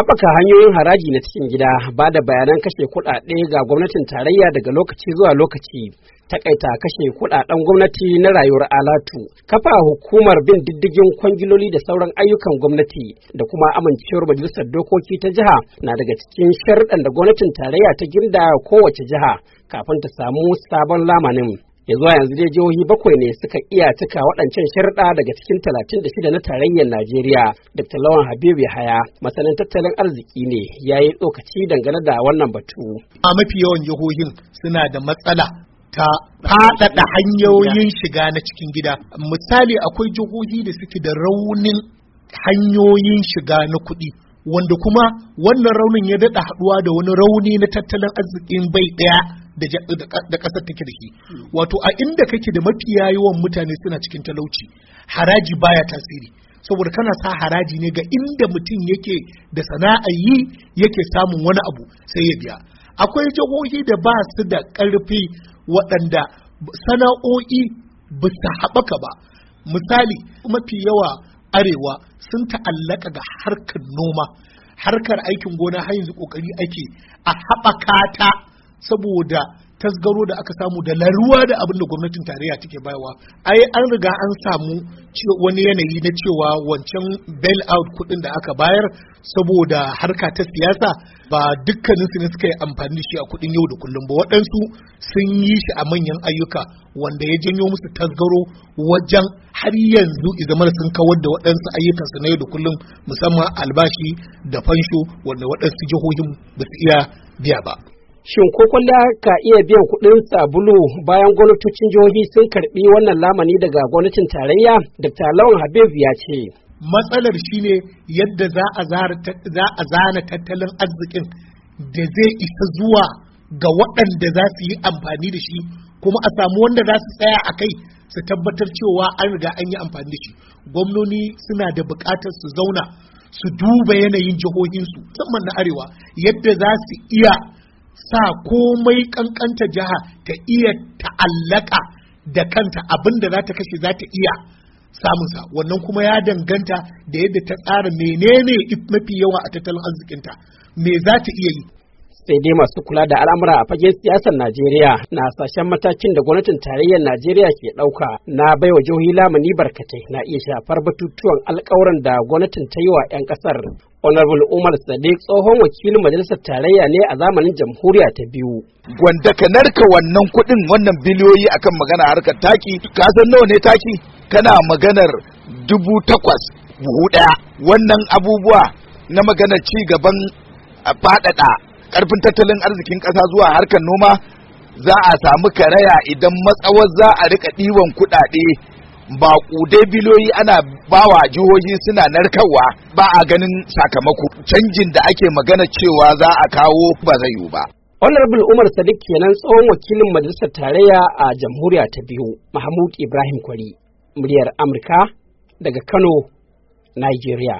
haɓaka hanyoyin haraji na cikin gida ba da bayanan kashe kuɗaɗe ga gwamnatin tarayya daga lokaci zuwa lokaci takaita kashe kuɗaɗen gwamnati na rayuwar alatu kafa hukumar bin diddigin kwangiloli da sauran ayyukan gwamnati da kuma amincewar majalisar dokoki ta jiha na daga cikin sharɗan da gwamnatin tarayya ta ginda kowace jiha kafin ta samu sabon lamanin ya zuwa yanzu dai jihohi bakwai ne suka iya cika waɗancan sharɗa daga cikin talatin da shida na tarayyar najeriya dr lawan habibu Yahaya masanin tattalin arziki ne ya yi tsokaci dangane da wannan batu a mafi yawan jihohin suna da matsala ta faɗaɗa hanyoyin shiga na cikin gida misali akwai jihohi da suke da raunin hanyoyin shiga na kuɗi wanda kuma wannan raunin ya daɗa haɗuwa da wani rauni na tattalin arzikin bai ɗaya da ƙasar take da shi wato a inda kake da mafiya yawan mutane suna cikin talauci haraji baya tasiri saboda kana sa haraji ne ga inda mutum yake da sana'a yi yake samun wani abu sai ya biya akwai jihohi da ba su da ƙarfi waɗanda sana'o'i ba su haɓaka ba misali mafi yawa arewa sun ta'allaka ga harkar noma harkar aikin gona har yanzu ƙoƙari ake a haɓaka ta saboda tasgaro da aka samu da laruwa da abin da gwamnatin tarayya take bayarwa ai an riga an samu wani yanayi na cewa wancan bail out kudin da aka bayar saboda harka ta siyasa ba dukkanin su ne suka yi amfani da shi a kudin yau da kullum ba waɗansu sun yi shi a manyan ayyuka wanda ya janyo musu tasgaro wajen har yanzu izamar sun kawar da waɗansu ayyukansu na yau da kullum musamman albashi da fansho wanda waɗansu jihohin ba su iya biya ba Shin ko kwalla ka iya biyan kuɗin sabulu bayan gwamnatocin jihohi sun karɓi wannan lamani daga gwamnatin tarayya? Dr. Lawan Habib ya ce. Matsalar shi ne yadda za a zana tattalin arzikin da zai isa zuwa ga waɗanda za su yi amfani da shi kuma a samu wanda za su tsaya a kai su tabbatar cewa an riga an yi amfani da shi gwamnoni suna da buƙatar su zauna su duba yanayin jihohinsu musamman na arewa yadda za su iya sa komai kankanta jiha ta iya ta'allaka da kanta abinda za ta kashe za ta iya sa, wannan kuma ya danganta da yadda ta tsara menene mafi yawa a tattalin arzikinta me za ta iya yi sai dai masu kula da al'amura a fagen siyasar Najeriya na sashen matakin da gwamnatin tarayyar Najeriya ke ɗauka na baiwa jihohi lamuni barkatai na iya shafar batutuwan alkawuran da gwamnatin ta yi wa 'yan ƙasar. Honorable Umar Sadiq tsohon wakilin majalisar tarayya ne a zamanin jamhuriya ta biyu. Gwanda ka narka wannan kuɗin wannan biliyoyi akan magana harkar taki, ka san nawa ne taki? Kana maganar dubu takwas buhu ɗaya. Wannan abubuwa na maganar ci gaban faɗaɗa karfin tattalin arzikin ƙasa zuwa harkar noma za a samu karaya idan matsawar za a rika ɗiwon kuɗaɗe ba ƙudai biloyi ana bawa jihohi suna narkarwa ba a ganin sakamako canjin da ake magana cewa za a kawo ba zai yiwu ba. Honorable Umar Sadiq kenan tsohon wakilin majalisar tarayya a jamhuriya ta biyu Mahmud Ibrahim Kwari, muryar Amurka daga Kano, Nigeria.